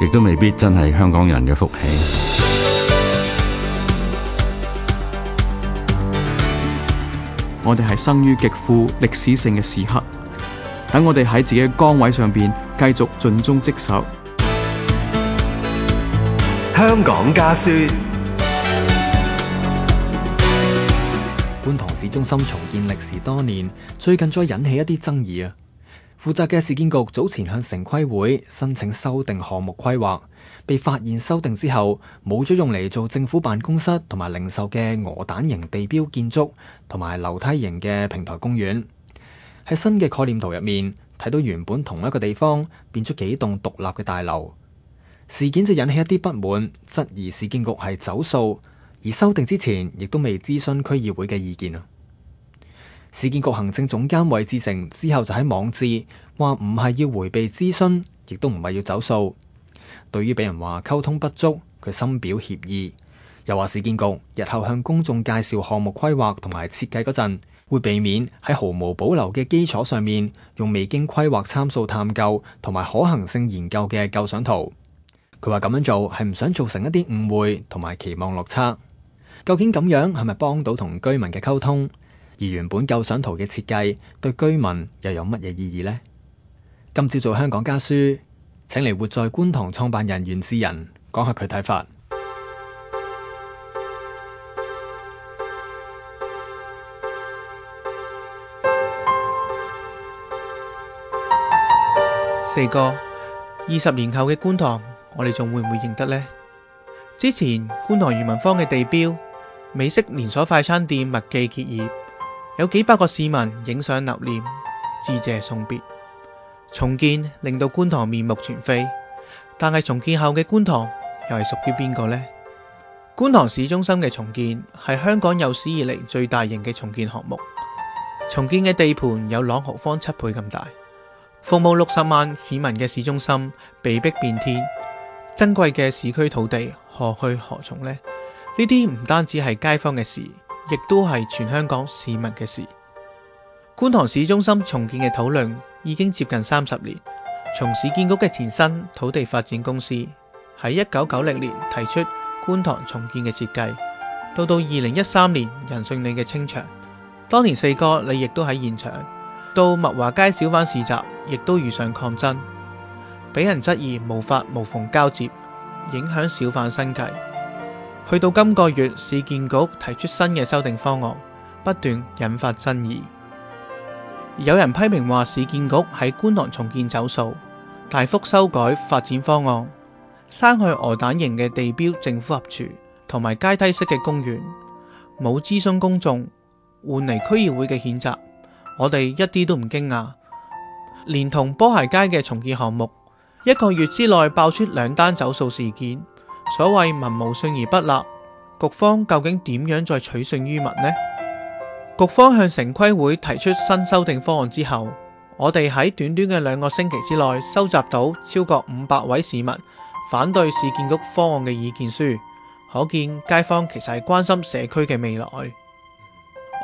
亦都未必真係香港人嘅福氣。我哋係生於極富歷史性嘅時刻，等我哋喺自己嘅崗位上邊繼續盡忠職守。香港家書。觀塘 市中心重建歷時多年，最近再引起一啲爭議啊！負責嘅市建局早前向城規會申請修訂項目規劃，被發現修訂之後冇咗用嚟做政府辦公室同埋零售嘅鵝蛋型地標建築同埋樓梯型嘅平台公園。喺新嘅概念圖入面，睇到原本同一個地方變咗幾棟獨立嘅大樓。事件就引起一啲不滿，質疑市建局係走數，而修訂之前亦都未諮詢區議會嘅意見。市建局行政總監韋志成之後就喺網誌話，唔係要回避諮詢，亦都唔係要走數。對於俾人話溝通不足，佢深表歉意，又話市建局日後向公眾介紹項目規劃同埋設計嗰陣，會避免喺毫無保留嘅基礎上面用未經規劃參數探究同埋可行性研究嘅構想圖。佢話咁樣做係唔想造成一啲誤會同埋期望落差。究竟咁樣係咪幫到同居民嘅溝通？而原本構想圖嘅設計對居民又有乜嘢意義呢？今次做香港家書，請嚟活在觀塘創辦人袁智仁講下佢睇法。四哥，二十年後嘅觀塘，我哋仲會唔會認得呢？之前觀塘裕民坊嘅地標美式連鎖快餐店麥記結業。有幾百個市民影相留念，致謝送別。重建令到觀塘面目全非，但係重建後嘅觀塘又係屬於邊個呢？觀塘市中心嘅重建係香港有史以嚟最大型嘅重建項目，重建嘅地盤有朗豪坊七倍咁大，服務六十萬市民嘅市中心被逼變天，珍貴嘅市區土地何去何從呢？呢啲唔單止係街坊嘅事。亦都係全香港市民嘅事。觀塘市中心重建嘅討論已經接近三十年。從市建局嘅前身土地發展公司喺一九九零年提出觀塘重建嘅設計，到到二零一三年仁信里嘅清場，當年四哥你亦都喺現場，到麥華街小販市集亦都遇上抗爭，俾人質疑無法無縫交接，影響小販生計。去到今個月，市建局提出新嘅修訂方案，不斷引發爭議。有人批評話，市建局喺觀塘重建走數，大幅修改發展方案，刪去鵝蛋型嘅地標政府合署同埋階梯式嘅公園，冇諮詢公眾，換嚟區議會嘅譴責。我哋一啲都唔驚訝。連同波鞋街嘅重建項目，一個月之內爆出兩單走數事件。所謂民無信而不立，局方究竟點樣再取信於民呢？局方向城規會提出新修訂方案之後，我哋喺短短嘅兩個星期之內收集到超過五百位市民反對市建局方案嘅意見書，可見街坊其實係關心社區嘅未來。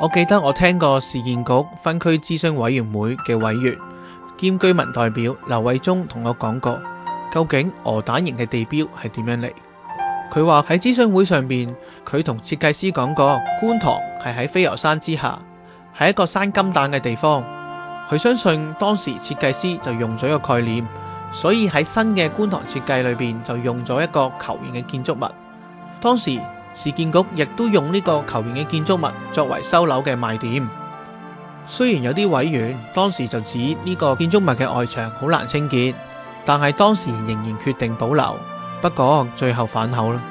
我記得我聽過市建局分區諮詢委員會嘅委員兼居民代表劉慧忠同我講過，究竟鵝蛋型嘅地標係點樣嚟？佢話喺諮詢會上邊，佢同設計師講過，觀塘係喺飛鵝山之下，係一個生金蛋嘅地方。佢相信當時設計師就用咗個概念，所以喺新嘅觀塘設計裏邊就用咗一個球形嘅建築物。當時市建局亦都用呢個球形嘅建築物作為收樓嘅賣點。雖然有啲委員當時就指呢個建築物嘅外牆好難清潔，但係當時仍然決定保留。不過最後反口啦！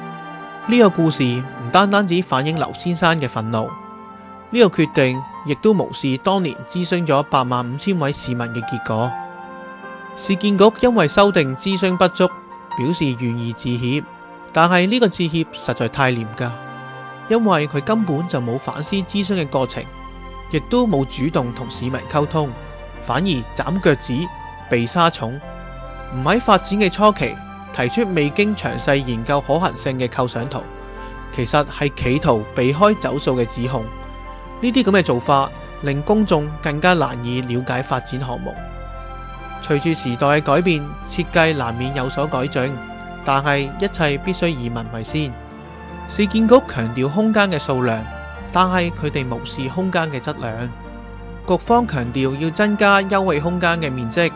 呢個故事唔單單只反映劉先生嘅憤怒，呢個決定亦都無視當年諮詢咗八萬五千位市民嘅結果。市建局因為修訂諮詢不足，表示願意致歉，但係呢個致歉實在太廉價，因為佢根本就冇反思諮詢嘅過程，亦都冇主動同市民溝通，反而斬腳趾、避沙蟲，唔喺發展嘅初期。提出未經詳細研究可行性嘅構想圖，其實係企圖避開走數嘅指控。呢啲咁嘅做法，令公眾更加難以了解發展項目。隨住時代嘅改變，設計難免有所改進，但係一切必須以民為先。市建局強調空間嘅數量，但係佢哋無視空間嘅質量。局方強調要增加優惠空間嘅面積。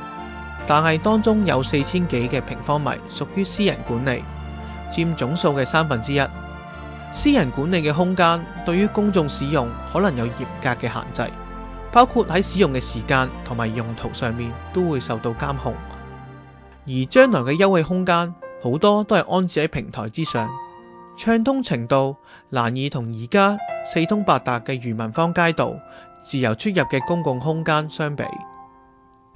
但係當中有四千幾嘅平方米屬於私人管理，佔總數嘅三分之一。私人管理嘅空間對於公眾使用可能有嚴格嘅限制，包括喺使用嘅時間同埋用途上面都會受到監控。而將來嘅休憩空間好多都係安置喺平台之上，暢通程度難以同而家四通八達嘅裕民坊街道、自由出入嘅公共空間相比。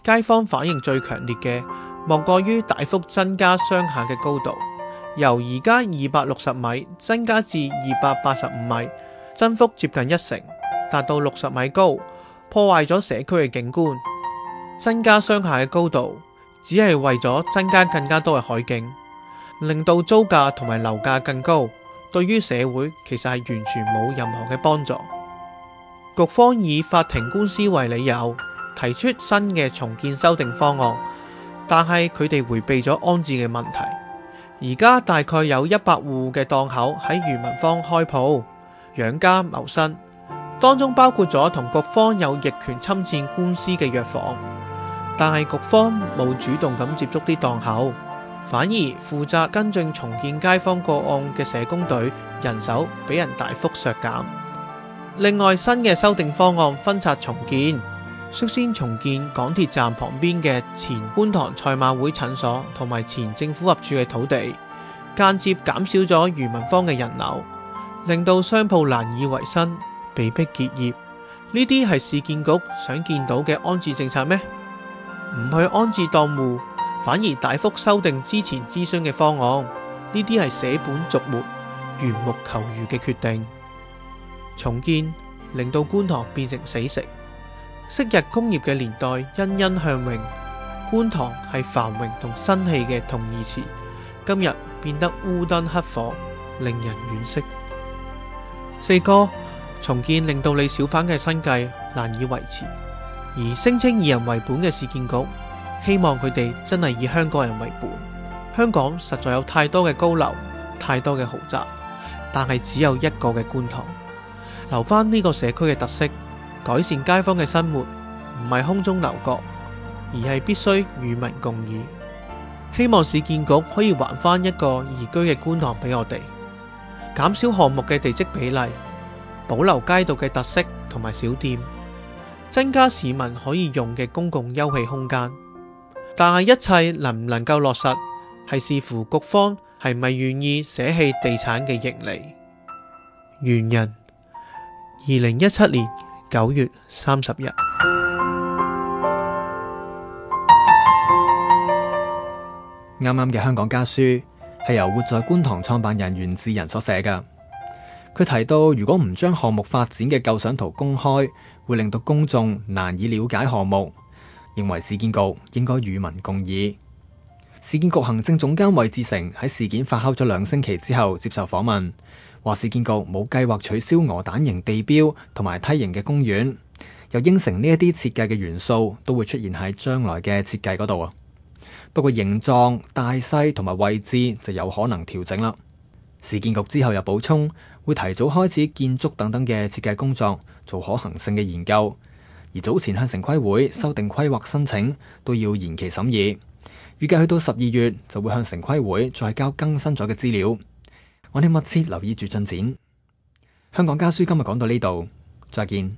街坊反應最強烈嘅，莫過於大幅增加商廈嘅高度，由而家二百六十米增加至二百八十五米，增幅接近一成，達到六十米高，破壞咗社區嘅景觀。增加商廈嘅高度，只係為咗增加更加多嘅海景，令到租價同埋樓價更高，對於社會其實係完全冇任何嘅幫助。局方以法庭官司為理由。提出新嘅重建修訂方案，但係佢哋回避咗安置嘅問題。而家大概有一百戶嘅檔口喺裕民坊開鋪，養家謀生，當中包括咗同局方有逆權侵佔官司嘅藥房，但係局方冇主動咁接觸啲檔口，反而負責跟進重建街坊個案嘅社工隊，人手俾人大幅削減。另外，新嘅修訂方案分拆重建。率先重建港鐵站旁邊嘅前觀塘賽馬會診所同埋前政府合署嘅土地，間接減少咗裕民坊嘅人流，令到商鋪難以維生，被迫結業。呢啲係市建局想見到嘅安置政策咩？唔去安置當戶，反而大幅修訂之前諮詢嘅方案。呢啲係捨本逐末、緣木求魚嘅決定。重建令到觀塘變成死城。昔日工業嘅年代欣欣向榮，觀塘係繁榮同新氣嘅同義詞。今日變得烏燈黑火，令人惋惜。四哥重建令到你小販嘅生計難以維持，而聲稱以人為本嘅市建局，希望佢哋真係以香港人為本。香港實在有太多嘅高樓，太多嘅豪宅，但係只有一個嘅觀塘，留翻呢個社區嘅特色。改善街坊嘅生活唔係空中樓閣，而係必須與民共議。希望市建局可以還翻一個宜居嘅觀塘俾我哋，減少項目嘅地積比例，保留街道嘅特色同埋小店，增加市民可以用嘅公共休憩空間。但係一切能唔能夠落實，係視乎局方係咪願意捨棄地產嘅盈利。原人，二零一七年。九月三十日，啱啱嘅香港家書係由活在觀塘創辦人袁智仁所寫嘅。佢提到，如果唔將項目發展嘅構想圖公開，會令到公眾難以了解項目，認為市建局應該與民共議。市建局行政總監魏志成喺事件發酵咗兩星期之後接受訪問。話市建局冇計劃取消鵝蛋型地標同埋梯形嘅公園，又應承呢一啲設計嘅元素都會出現喺將來嘅設計嗰度啊。不過形狀、大細同埋位置就有可能調整啦。市建局之後又補充會提早開始建築等等嘅設計工作，做可行性嘅研究。而早前向城規會修訂規劃申請都要延期審議，預計去到十二月就會向城規會再交更新咗嘅資料。我哋密切留意住進展。香港家書今日講到呢度，再見。